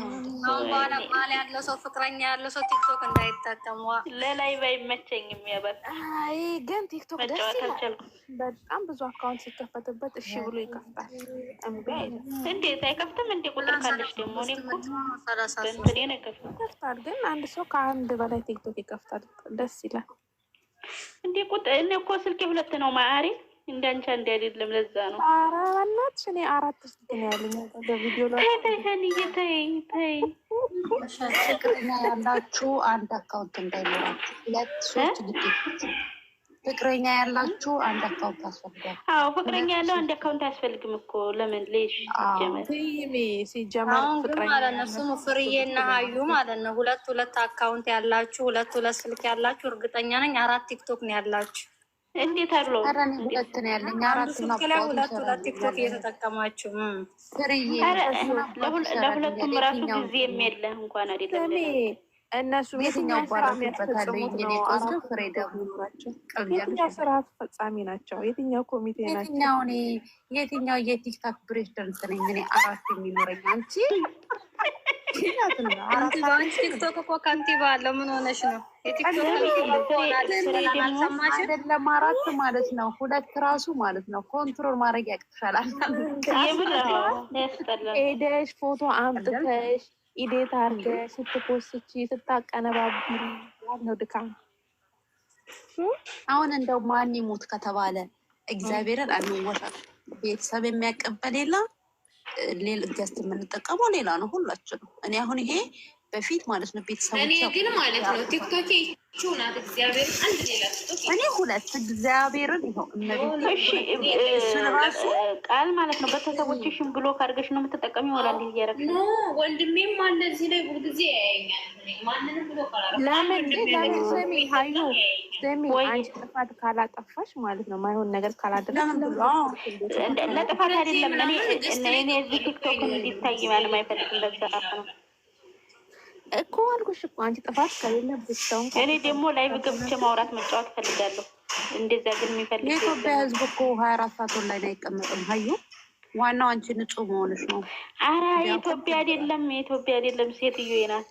አሁን በኋላ ባል ያለው ሰው ፍቅረኛ ያለው ሰው ቲክቶክ እንዳይጠቀሙ ለላይ ባይመቸኝም ያበል ግን ቲክቶክ ደስ ይላል። በጣም ብዙ አካውንት ሲከፈትበት እሺ ብሎ ይከፍታል። እንዴት አይከፍትም? እንደ ቁጥር ካለች ደግሞ እኔ ይከፍታል። ግን አንድ ሰው ከአንድ በላይ ቲክቶክ ይከፍታል። ደስ ይላል። እንደ ቁጥር እኔ እኮ ስልኬ ሁለት ነው ማሪ እንዳንቻ አንድ አይደለም። ለዛ ነው ኧረ እኔ አራት ስት ነው ያለኝ በቪዲዮ ላይ ተይተን ተይ ፍቅረኛ ያላችሁ አንድ አካውንት እንዳይኖራችሁ ሁለት ሶስት ፍቅረኛ ያላችሁ አንድ አካውንት አስፈልጋል። አዎ ፍቅረኛ ያለው አንድ አካውንት አያስፈልግም እኮ ለምን ሌሽ ሲጀመር ፍቅረኛ ማለት ነው ስሙ ፍርዬና ሀዩ ማለት ነው። ሁለት ሁለት አካውንት ያላችሁ ሁለት ሁለት ስልክ ያላችሁ እርግጠኛ ነኝ አራት ቲክቶክ ነው ያላችሁ እንዴት አለው? ሁለት ነው ያለኝ። አራት ሁለት ሁለት ቲክቶክ እየተጠቀማችሁ ለሁለቱም ራሱ ጊዜ የሚያለ እንኳን አይደለም። እነሱ የትኛው ስራ አስፈጻሚ ናቸው? የትኛው ኮሚቴ ናቸው? የትኛው የቲክቶክ ብሬሽ ደርስ ነኝ እኔ አራት የሚኖረኝ አንቺ ቲክቶክ እኮ ከንቲባ አለው። ምን ሆነሽ ነው? አይደለም አራት ማለት ነው፣ ሁለት ራሱ ማለት ነው። ኮንትሮል ማድረግ ያቅትሻል። ሄደሽ ፎቶ አምጥተሽ ኢዴት አርገሽ ስትኮስች ስታቀነባብሪ ነው ድካም። አሁን እንደው ማን ይሙት ከተባለ እግዚአብሔርን አንወሻል ቤተሰብ የሚያቀበል የለም ሌል ገስት የምንጠቀመው ሌላ ነው ሁላችንም። እኔ አሁን ይሄ በፊት ማለት ነው ቤተሰብ እኔ ግን ማለት ነው ቲክቶክ ይቺው ናት። አንድ ሌላ እኔ ሁለት እግዚአብሔርን ይኸው ቃል ማለት ነው። ቤተሰቦችሽን ብሎ ካድርገሽ ነው የምትጠቀሚ ወላል እንዲህ እያደረግሽ ነው። ወንድሜም አለ እዚህ ላይ ብዙ ጊዜ ጥፋት ካላጠፋሽ ማለት ነው ማይሆን ነገር ካላደረግሽ ለጥፋት አይደለም። እኔ እዚህ ቲክቶክ እንዲታይ ማንም ማይፈልግ በዛ ነው እኮ አልኩሽ እኮ አንቺ ጥፋት ከሌለብሽ እኔ ደግሞ ላይቭ ገብቼ ማውራት መጫወት እፈልጋለሁ። እንደዛ ግን የሚፈልግ የኢትዮጵያ ሕዝብ እኮ ሀያ አራት ሰዓት ኦንላይን አይቀመጥም። ሀዩ ዋናው አንቺ ንጹህ መሆንሽ ነው። አረ የኢትዮጵያ አይደለም የኢትዮጵያ አይደለም ሴትዮ ናት።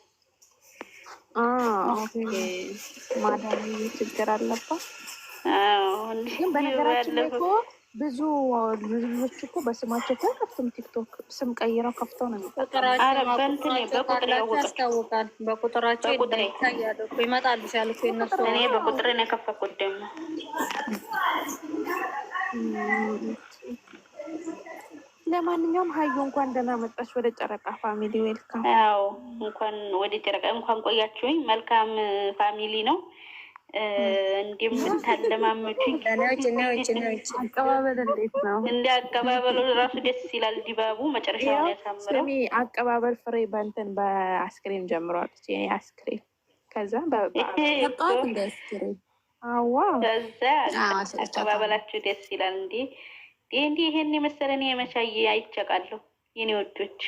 ማዳ ችግር አለባት ግን በነገራችን ላይ ብዙ ልጆች እኮ በስማቸው ከፍቱም ቲክቶክ ስም ቀይረው ከፍተው ነው በቁጥራቸው ይመጣሉ ሲያል እነሱ እኔ በቁጥር ነው የከፈኩት። ደግሞ ለማንኛውም ሀዩ እንኳን ደህና ወደ ጨረቃ ፋሚሊ ዌልካም። ያው እንኳን ወደ ጨረቃ እንኳን ቆያችሁኝ። መልካም ፋሚሊ ነው። እንደምታለማመቹኝ አቀባበል አቀባበሉ ራሱ ደስ ይላል። ዲባቡ መጨረሻ ያሳምረው። አቀባበል ፍሬ በእንትን በአስክሬም ጀምሮ አስክሬም ከዛ አቀባበላችሁ ደስ ይላል። እንዲ እንዲህ ይሄን የመሰለን የመቻዬ አይቸቃለሁ የኔ ወዶች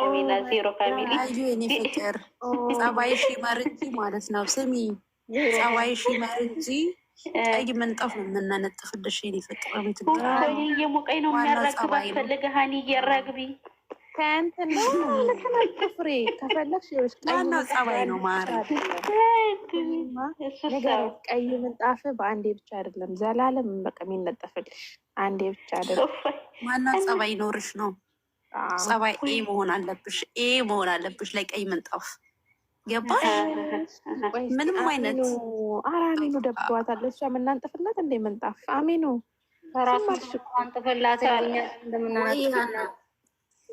ፋሚላ ዜሮ ፋሚሊ የኔ ፍቅር ጸባይሽ ይመር እንጂ ማለት ነው። ስሚ ጸባይሽ ይመር እንጂ ቀይ ምንጣፍ ነው የምናነጥፍልሽ የኔ ፍቅር። የሞቀኝ ነው የሚያራግባት ፈልገ ሀኒ እያራግቢ ቀይ ምንጣፍ በአንዴ ብቻ አይደለም ዘላለም በቃ የሚነጠፍልሽ አንዴ ብቻ አይደለም። ዋናው ጸባይ ይኖርሽ ነው ጸባይ ኤ መሆን አለብሽ፣ ኤ መሆን አለብሽ። ላይ ቀይ ምንጣፍ ገባሽ? ምንም አይነት ኧረ አሜኑ ደብዋታል። እሷ የምናንጥፍላት እንደ ምንጣፍ አሜኑ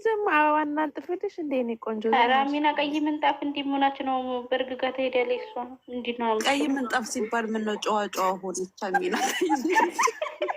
ዝም አበባ እናንጥፍልሽ እንዴ? ኔ ቆንጆ ራሚና ቀይ ምንጣፍ እንዲህ መሆናች ነው። በእርግጋ ትሄዳለች። እሷ ነው እንዲህ ነው ቀይ ምንጣፍ ሲባል ምነው ጨዋ ጨዋ ሆነች ሚና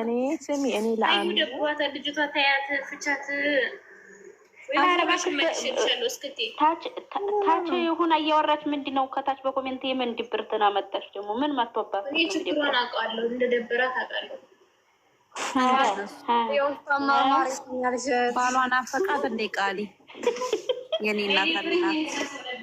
እኔ ስሚ፣ እኔ ለአንዱ ልጅቷ ታያት ፍቻት ታች ሁና እያወራች ምንድን ነው ከታች በኮሜንት የምን ድብርትን አመጣች? ደግሞ ምን መቶባት ባሏን አፈቃት እንደ ቃሊ የኔ እናት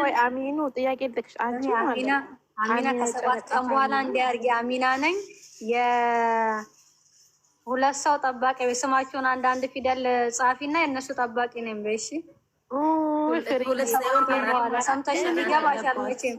ቆይ አሚኑ ጥያቄ ልክሽ አንቺ አሚና ከሰባት ቀን በኋላ እንዲያርጊ አሚና ነኝ። የሁለት ሰው ጠባቂ ስማቸውን አንዳንድ ፊደል ጻፊ የእነሱ ጠባቂ ነኝ በይ። ሰምተሽ ሊገባሻል መቼም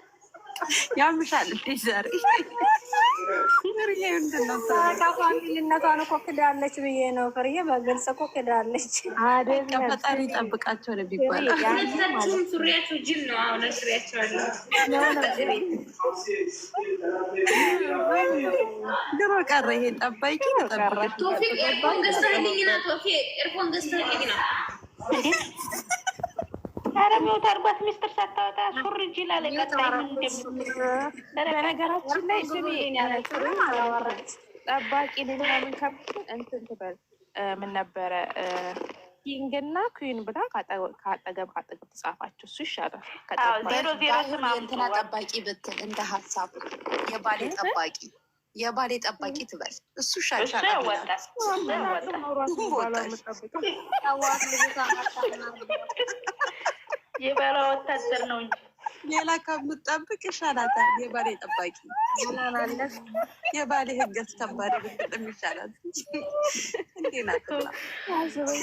ያምሻል እንዴ ዛሬ ፍርዬ ልነቷን እኮ ክዳለች ብዬ ነው። ፍርዬ በግልጽ እኮ ክዳለች። ፈጣሪ ይጠብቃቸው ነው የሚባለው። ሱሪያቸው ጅል ነው። አሁን ሱሪያቸው ድሮ ቀረ። ይሄ ጠባቂ ነው። ቶፊቅ ኤርፎን ገዝተህልኝ ና። ቶፊቅ ኤርፎን ገዝተህልኝ ና ኧረ ሚውት አድርጓት ሚስጥር ሳታወጣ ሱር እጅ ይላል። በነገራችን ላይ ስሜ ጠባቂ ሌላምን እንትን ትበል ምን ነበረ ኪንግ እና ኩዊን ብላ ከአጠገብ ከአጠገብ ተጻፋቸው እሱ ይሻላል። ዜሮ ዜሮ እንትና ጠባቂ ብትል እንደ ሀሳብ የባሌ ጠባቂ የባሌ ጠባቂ ትበል እሱ ሻሻ የባሏ ወታደር ነው እንጂ ሌላ ከምትጠብቅ ይሻላታል። የባሌ ጠባቂ የባሌ ህግ አስከባሪ ብትጥም ይሻላል። እንዴ ቆንጆ ወዴት ነው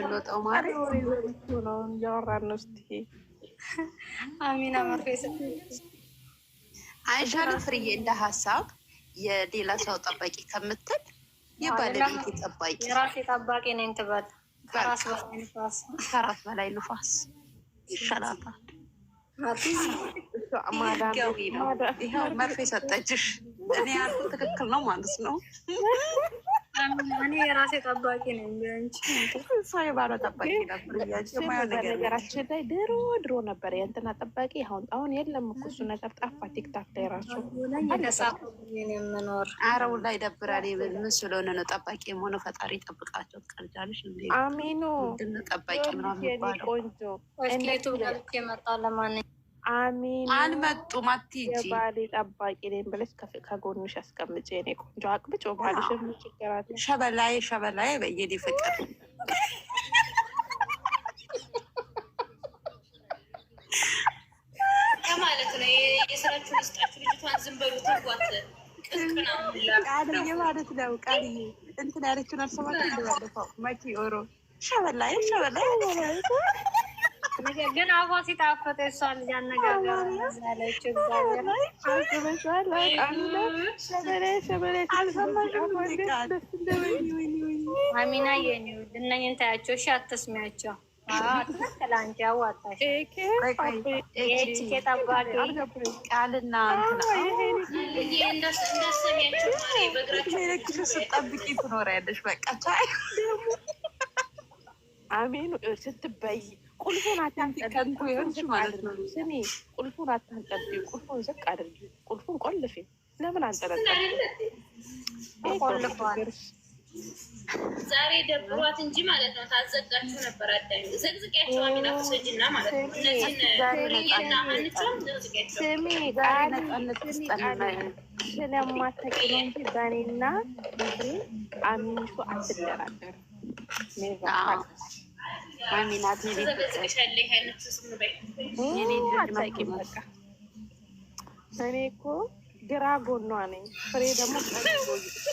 የምንወጣው? እያወራን ነው። እስኪ አሚና መርፌስ አይሻልም? ፍርዬ እንደ ሀሳብ የሌላ ሰው ጠባቂ ከምትል የባለቤት ጠባቂ የራሴ ጠባቂ ነኝ ትበል። ከራስ በላይ ንፋስ ከራስ በላይ ንፋስ ይሻላታል። መርፌ ሰጠችሽ። እኔ ያልኩት ትክክል ነው ማለት ነው። እኔ የራሴ ጠባቂ ነኝ። የባሏ ጠባቂ ነበር። ነገራችን ላይ ድሮ ድሮ ነበር የእንትና ጠባቂ። አሁን አሁን የለም እኮ እሱ ነገር ጠፋ። ቲክታክ ላይ ራሱ አረው ላይ ይደብራል። ምን ስለሆነ ነው ጠባቂ የሆነ? ፈጣሪ ጠብቃቸው። ትቀልጃለሽ። አሚኑ ጠባቂ ምናምን ቆንጆ ለማንኛውም አሚን አልመጡም። አትሄጂ የባሌ ጠባቂ ነኝ ብለሽ ከጎንሽ አስቀምጬ እኔ ቆንጆ አቅብጭ ባልሽ ምችገራት ሸበላይ ሸበላይ በየኔ ፍቅር ማለት ነው። የስራችሁ ስጣችሁ ልጅቷን ዝም በሉ ተጓት ቃልዬ ማለት ነው። ቃልዬ እንትን ያለችውን አልሰማት ባለፈው መኪ ኦሮ ሸበላይ ሸበላይ ግን አፏ ሲጣፍጥ እሷን እያነጋገረች አሚና እነኝን ታያቸው። እሺ አትስሚያቸው። ትላንት ያዋጣሽ ቃልና ስጠብቂ ትኖሪያለሽ። በቃ ስትበይ ቁልፉን አታንጠልጥሚ። ቁልፉን አታንጠልጥዩ። ቁልፉን ዝቅ አድርጊ። ቁልፉን ቆልፌ ለምን አንጠለጠልሽ? ዛሬ ደብሯት እንጂ ማለት ነው። ታዘጋችሁ ነበር አዳኝ ዘግዝቂያቸው አሚና ሰጅና ማለት ነው። እነዚህና አንቻም ዘግዝቂያቸው ስለማታውቂ ነው እንጂ በእኔና አሚንቱ አትደራደርም። እኔ እኮ ግራ ጎኗ ነኝ፣ ፍሬ ደግሞ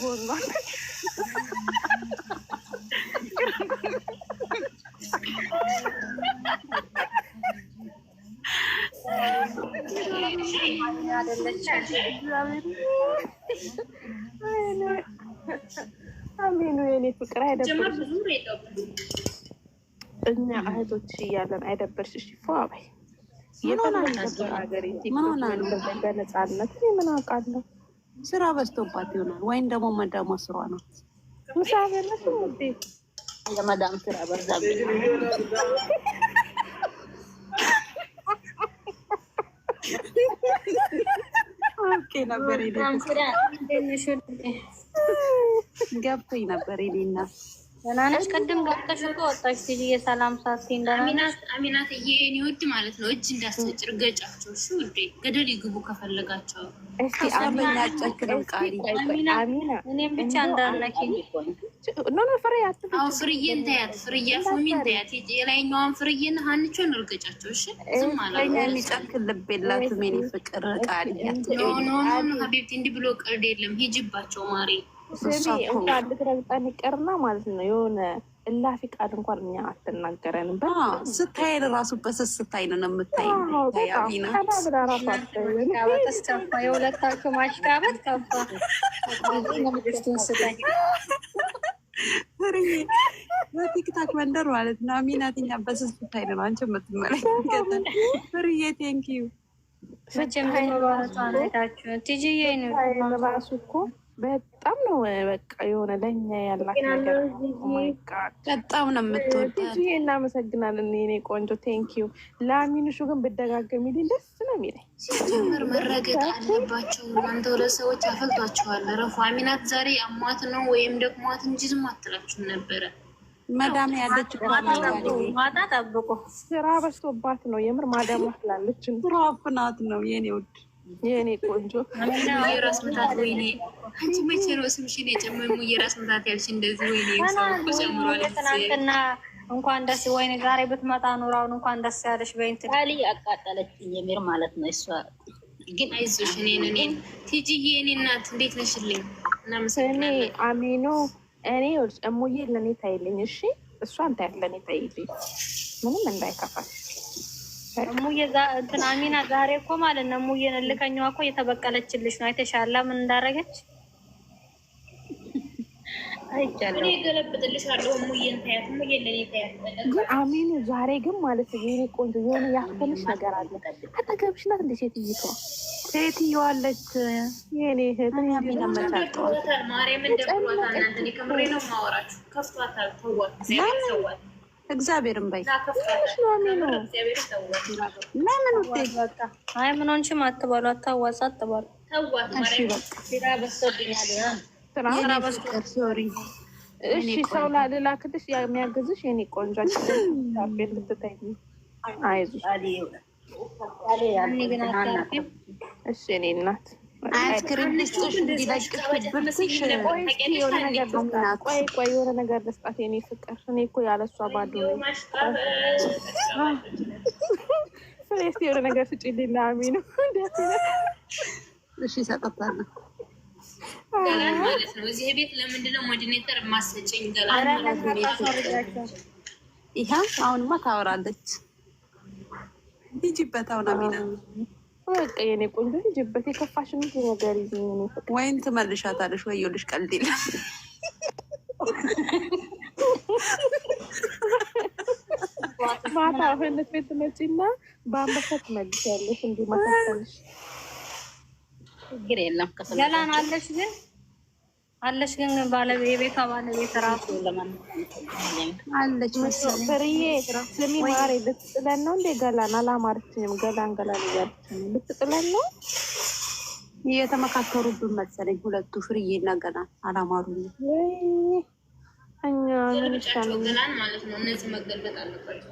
ጎኗ አሜኑ የኔ ፍቅር አይደለም እኛ እህቶች እያለን አይደበርሽ እሺ በይ በነፃነት ምን አውቃለሁ። ስራ በዝቶባት ይሆናል ወይም ደግሞ መዳሟ ስሯ ነው። ምሳሌነት ውዴ የመዳም ስራ በዛብኝ። ነበር ገብቶኝ ነበር ና አስቀድም ገብተሽ እኮ ወጣሽ ትዬ ሰላም ሳትይኝ አሚናትዬ የእኔ ውድ ማለት ነው። እጅ እንዳስጭር ገጫቸው እሺ ውዴ፣ ገደል ይግቡ ከፈለጋቸው። እኔም ብቻ እንዳነኪኝ ፍርዬ እንተያት፣ ፍርዬ ፎሚ እንተያት፣ የላይኛዋን ፍርዬን ሀንቾን እርገጫቸው እሺ። ዝም አላሚጨክል ልብ የላትም የእኔ ፍቅር ቃሪ ኖ ኖ ሀቢብቲ፣ እንዲህ ብሎ ቀልድ የለም። ሂጅባቸው ማሪ ስሚ እንኳን ልትረግጠን ይቅርና ማለት ነው የሆነ እላፊ ቃል እንኳን እኛ አትናገረንም። ስታይን ራሱ በስስት አይን ነው የምታይ። የሁለታችሁ ማሽቃበት ከባ በቲክታክ መንደር ማለት ነው። አሚናት እኛ በስስት አይን ነው አንቺ የምትመለከተን። ፍርዬ ቴንኪዩ መጀመሪያ ራሱ እኮ በጣም ነው በቃ የሆነ ለኛ ያላት ነገር oh በጣም ነው የምትወዳት። እናመሰግናለን የኔ ቆንጆ ቴንኪዩ። ለአሚንሹ ግን ብደጋገሚልኝ ደስ ነው የሚለኝ። ሲጀምር መረገጥ አለባቸው እናንተ ሁለት ሰዎች አፈልቷቸዋል። ረፉ አሚናት ዛሬ አሟት ነው ወይም ደግሟት እንጂ ዝም አትላችሁም ነበረ። መዳም ያለች ማታ ጠብቆ ስራ በስቶባት ነው የምር ማዳም ስላለች ስራ ፍናት ነው የኔ ውድ የእኔ ቆንጆ የራስ ምታት ወይኔ፣ አንቺ መቼ ነው ስምሽን የጨመሙ የራስ ምታት ያልሽ? እንደዚህ ወይኔ ጨምሯል። ትናንትና እንኳን ደስ ወይኔ፣ ዛሬ ብትመጣ ኑራውን እንኳን ደስ ያለሽ በይንት ቃል አቃጠለች የሚር ማለት ነው። እሷ ግን አይዞሽ፣ እኔን እኔን ቲጂዬ፣ የእኔ እናት እንዴት ነሽልኝ? እናመሰግና አሚኖ። እኔ እሙዬ ለእኔ ታይልኝ፣ እሺ? እሷን ታያት ለእኔ ታይልኝ፣ ምንም እንዳይከፋል እሙዬ እንትን አሚና ዛሬ እኮ ማለት ነው እሙዬን እልከኛዋ እኮ እየተበቀለችልሽ ነው። አይተሻላ ምን እንዳረገች አይቻለሁ። ዛሬ ግን ማለት ነው የኔ ቆንጆ የሆነ ያፈንሽ ነገር አለ። አጠገብሽ ናት እንደ ሴትዮዋ ሴትዮዋ የኔ እህት ነው ማወራችሁ ከፍቷታል። ተዋት፣ ሰዋት እግዚአብሔርን በይ ለምን አይ ምን ሆንሽም አትበሉ፣ አታዋጽ አትበሉ። እሺ ሰው ላልላክልሽ የሚያግዝሽ የኔ ቆንጆ አይዞሽ። እሺ የኔ እናት አያስክሪም ልስጥሽ ቆይ የሆነ ነገር ልስጣት። የኔ ፍቅር እኔ እኮ ያለሷ ባዶ ስለስ የሆነ ነገር ስጭ ሊላሚ ነው። እሺ አሁንማ ታወራለች። ሂጂበት አሁን አሚና በቃ የኔ ቆንጆ ልጅበት የከፋሽን ነገር ቀልድ የለም። ማታ እህነት ቤት ትመጪና በአንበሳ ትመልሻለሽ። እንዲህ ማሳሰልሽ ችግር የለም። ገላን አለሽ ግን አለች ግን ባለቤት የቤቷ ባለቤት ራሱ አለች ፍርዬ ስሚ ማሬ ልትጥለን ነው እንዴ ገላን አላማርችንም ገላን ገላን እያለችኝ ልትጥለን ነው እየተመካከሩብን መሰለኝ ሁለቱ ፍርዬ እና ገላን አላማሩኝ እኛ ምን ይሻለኛል ማለት ነው እነዚህ መገልበጥ አለባቸው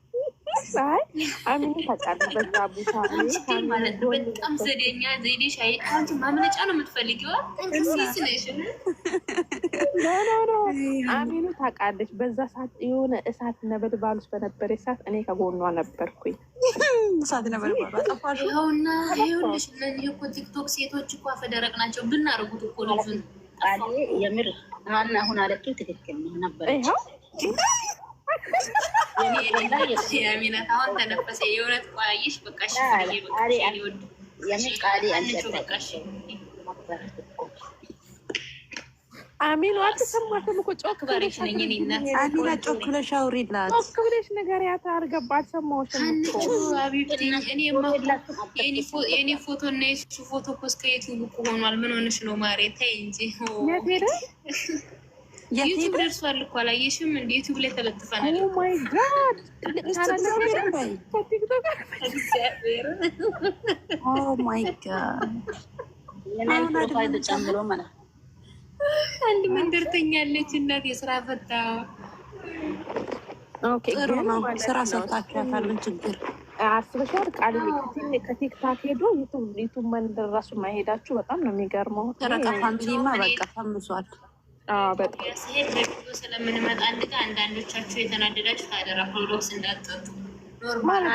አሚኑ ታቃለች በዛ ቦታ ታውቃለች። በዛ ሰዓት የሆነ እሳት ነበልባል በነበረ ሰዓት እኔ ከጎኗ ነበርኩኝ። እሳት ይኸውና፣ ይኸውልሽ እነዚህ እኮ ቲክቶክ ሴቶች እኮ አፈደረቅ ናቸው። ብናረጉት እኮ ልጁን የምር አሁን ትክክል ነበረች አሁን ተነፈሰ። የእውነት ቆያየሽ እኮ ጮክ ብለሽ አሚና፣ ጮክ ብለሽ አውሪላት፣ ጮክ ብለሽ ንገሪያት። አልገባ አልሰማሁሽም እኮ የእኔ ፎቶ እና የእሱ ፎቶ እኮ እስከ ዩቲዩብ ሆኗል። ምን ሆነሽ ነው ማሬ? ተይ እንጂ ዩቲብ ደርሷል እኮ አላየሽም? እንደ ዩቲብ ላይ ተለጥፈ አንድ መንደርተኛ እናት የስራ ፈታ ጥሩ ነው። ስራ ሰጣችኋታል። ችግር አስበሻል። ቃል ከቲክታክ ሄዶ ዩቱብ መንደር ራሱ ማሄዳችሁ በጣም ነው የሚገርመው። ተረቃ ፋሚሊማ በቃ ፈምሷል። ስሄድ በቪዲዮ ስለምንመጣ አንድ ጋ አንዳንዶቻችሁ የተናደዳችሁ ታደራ ኮልዶክስ እንዳጠጡ ኖርማል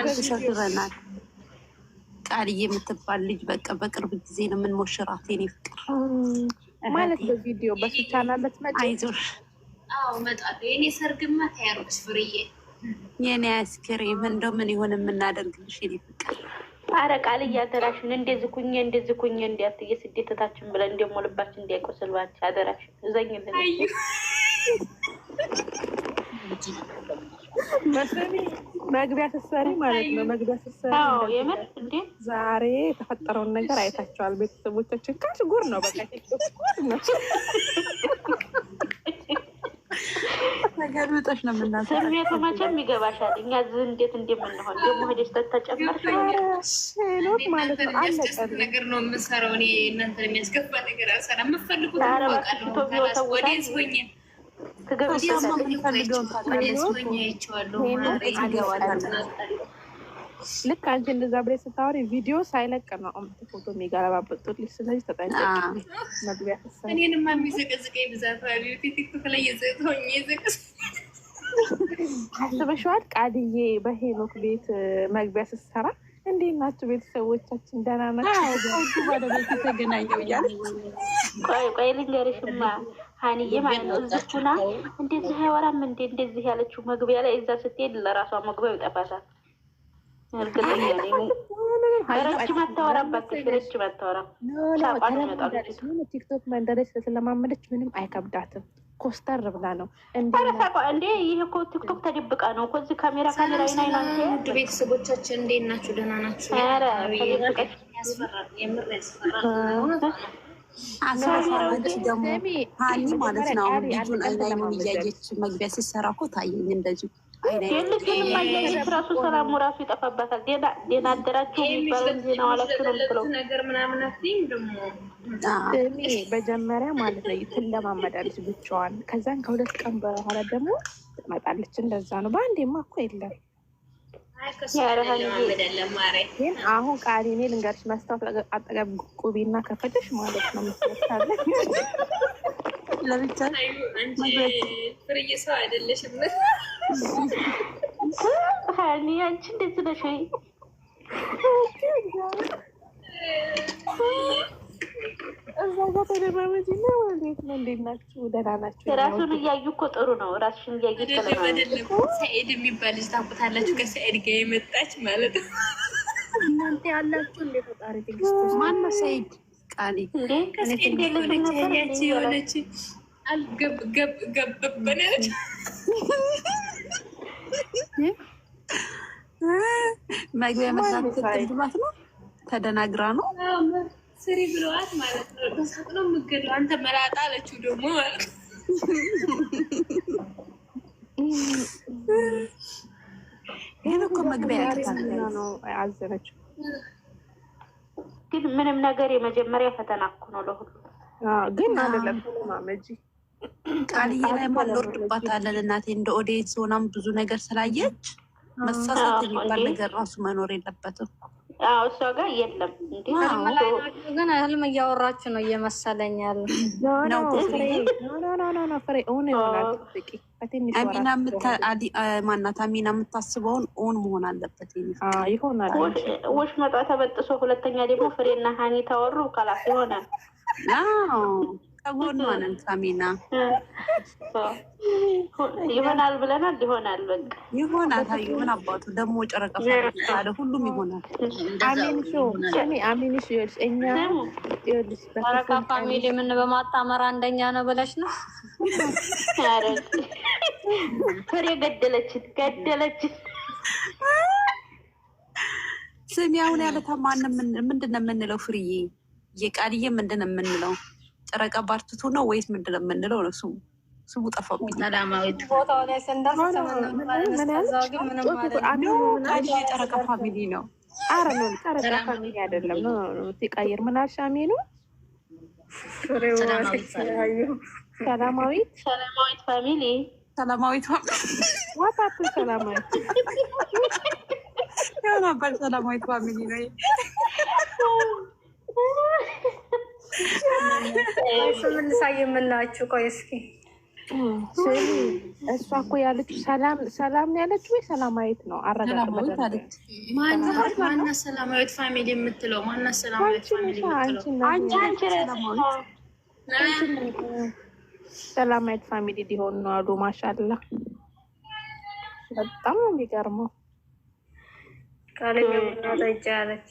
ቃልዬ የምትባል ልጅ በቃ በቅርብ ጊዜ ነው የምንሞሽራት። የኔ ፍቅር ማለት በቪዲዮ በሱቻና በትመጭ አይዞሽ። አዎ እመጣለሁ። የኔ ሰርግማ ታያሮች ፍርዬ፣ የኔ አይስክሬም እንደው ምን ይሆን የምናደርግልሽ የኔ ፍቅር አረ ቃል እያደራሽን እንደዚህ ኩኝ እንደዚህ ኩኝ እንዲያት የስደተታችን ብለን እንደሞ ልባችን እንዲያቆስል ባንቺ አደራሽን እዘኝልን። መግቢያ ስትሰሪ ማለት ነው። መግቢያ ስትሰሪ ዛሬ የተፈጠረውን ነገር አይታቸዋል። ቤተሰቦቻችን ካሽ ጉር ነው በቃ ጉር ነው። ነገሩ እጦች ነው የምናሰ ስሜቱ መቼም ይገባሻል። እኛ እዚህ እንዴት እንደምንሆን ደግሞ ሄደሽ ተጨመርሽ ማለት ነው። አለቀ ነገር ነው የምንሰራው። እኔ እናንተ የሚያስገባ ነገር አልሰራም። የምፈልጉት ሆኜ ይችዋለሁ ልክ አንቺ እንደዛ ብላይ ስታወሪ ቪዲዮ ሳይለቅ ነው አምጥ ፎቶ የሚገለባበጡት። ስለዚህ ተጠንቀቂ። መግቢያ እኔንማ ብዛት ቲክቶክ ላይ አስበሽዋል? ቃልዬ በሄኖክ ቤት መግቢያ ስትሰራ እንዴት ናቸው ቤተሰቦቻችን? ደህና ናቸው ባለቤት የተገናኘው እያለ ቆይ ልንገርሽማ ሀኒዬ ማለት ነው። እዚቹና እንደዚህ አይወራም እንዴ እንደዚህ ያለችው መግቢያ ላይ እዛ ስትሄድ ለራሷ መግቢያው ይጠፋሳል። እርግጠኛ ቲክቶክ መንደረች ምንም አይከብዳትም። ኮስተር ብላ ነው እንዴ? ይህ እኮ ቲክቶክ ተደብቃ ነው እኮ እዚህ ካሜራ ካሜራ ቤተሰቦቻችን እንዴት ናችሁ? ደህና ናችሁ? የምር ደግሞ ሀኒ ማለት ነው አሁን ልጁን አይናይኑን እያየች መግቢያ ሲሰራ እኮ ታየኝ እንደዚሁ ራሱ ሰላሙ ራሱ ይጠፋበታል። ዜና አደራችሁ የሚባለው ዜና ነው የምትለው ነገር መጀመሪያ ማለት ነው ትለማመዳለች ብቻዋን። ከዛን ከሁለት ቀን በኋላ ደግሞ ትመጣለች። እንደዛ ነው። በአንዴማ እኮ የለም። ግን አሁን ቃል እኔ ልንገርሽ መስታወት አጠገብ ቁቢና ከፈተሽ ማለት ነው ምስለታለ ፍርዬ ሰው አይደለሽም። ሀኒ አንቺ እንደዚህ ነሽ እዛ ጋ ተደማመጪ እና ማለት ነው። እንዴት ናችሁ? ደህና ናችሁ? እራሱን እያዩ እኮ ጥሩ ነው። እራሱን እያዩ ሰኢድ የሚባል ልጅ ታውቁታላችሁ? ከሰኢድ ጋር የመጣች ማለት ነው። እናንተ ያላችሁ እንደ ፈጣሪ ትግስት ማነው ሰኢድ ቃል የሆነች አልገብገብገብበነች መግቢያ መስራት ነው። ተደናግራ ነው ስሪ ብለዋት ማለት ነው። ተሳጥኖ አንተ መላጣ አለችው ደግሞ ማለት ነው። ይህን እኮ መግቢያ ነው ያዘነችው። ግን ምንም ነገር የመጀመሪያ ፈተና እኮ ነው ለሁሉ። ግን አይደለም ቃልዬ ላይ ማንወርድባታለን እናቴ እንደ ኦዴት ሆናም ብዙ ነገር ስላየች መሳሳት የሚባል ነገር ራሱ መኖር የለበትም። እሷ ጋር የለም። ግን ህልም እያወራች ነው እየመሰለኝ ማናት አሚና የምታስበውን ኦን መሆን አለበት ይሆናል። ውሽ መጣ ተበጥሶ ሁለተኛ ደግሞ ፍሬና ሀኒ ተወሩ ካላት ይሆናል ከጎኗነን ካሚና ይሆናል ብለናል። ይሆናል በቃ ይሆናል። ታዩ ምን አባቱ ደግሞ ሁሉም ይሆናል። አሚንሽ ጨረቃ ፋሚሊ ምን በማጣመር አንደኛ ነው ብለሽ ነው ፍሬ ስሚ አሁን ያለታ ማንም ምንድን ነው የምንለው? ፍርዬ የቃልዬ ምንድን ነው የምንለው? ጨረቃ ባርትቱ ነው ወይስ ምንድን ነው የምንለው? ነው ስሙ ስሙ ጠፋብኝ። ጨረቃ ፋሚሊ ነው። ኧረ ጨረቃ ፋሚሊ አይደለም። ሲቀይር ምን አሻሜ ነው ሰላማዊት ሰላማዊት ፋሚሊ ሰላማዊት ሰላማዊት ሰላማዊት ፋሚሊ ነው የምናችሁ ቆይ እስኪ እሷ እኮ ያለችው ሰላም ሰላም ነው ያለችው ወይ ሰላማዊት ነው? ፋሚሊ የምትለው ሰላማዊት ፋሚሊ ሊሆን ነው አሉ። ማሻላ በጣም ነው የሚገርመው። ጠጃ ያለች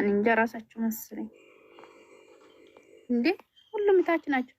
እንጃ ራሳችሁ መስለኝ እንዴ፣ ሁሉም ታች ናቸው።